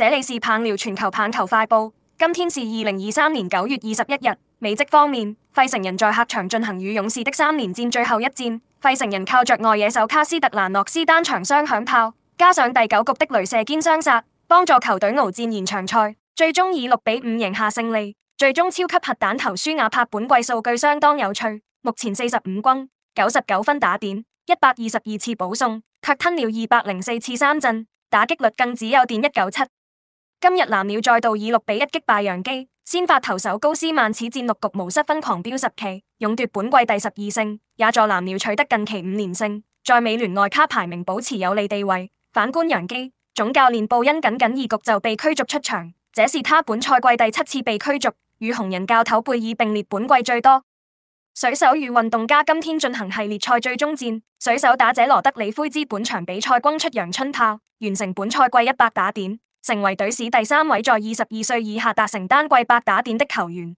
這裡是棒聊全球棒球快報，今天是二零二三年九月二十一日。美職方面，費城人在客場進行與勇士的三連戰最後一戰，費城人靠着外野手卡斯特蘭諾斯單場雙響炮，加上第九局的雷射肩雙殺，幫助球隊鏖戰延長賽，最終以六比五贏下勝利。最終超級核彈頭舒亞帕本季數據相當有趣，目前四十五轟九十九分打點、一百二十二次保送，卻吞了二百零四次三振，soccer, 打擊率更只有點一九七。今日藍鳥再度以六比一擊敗洋基，先發投手高斯曼此戰六局無失分，狂飆十期，勇奪本季第十二勝，也助藍鳥取得近期五連勝，在美聯外卡排名保持有利地位。反觀洋基，總教練布恩僅僅二局就被驅逐出場，這是他本賽季第七次被驅逐，與紅人教頭貝爾並列本季最多。水手與運動家今天進行系列賽最終戰，水手打者羅德里奎茲本場比賽轟出陽春炮，完成本賽季一百打點。成為隊史第三位在二十二歲以下達成單季百打點的球員。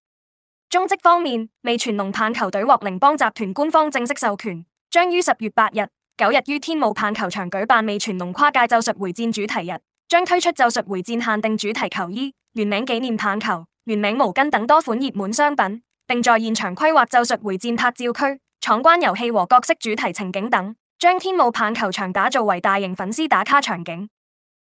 中職方面，味全龍棒球隊獲聯邦集團官方正式授權，將於十月八日、九日於天母棒球場舉辦味全龍跨界咒術回戰主題日，將推出咒術回戰限定主題球衣、聯名紀念棒球、聯名毛巾等多款熱門商品，並在現場規劃咒術回戰拍照區、闖關遊戲和各式主題情景等，將天母棒球場打造為大型粉絲打卡場景。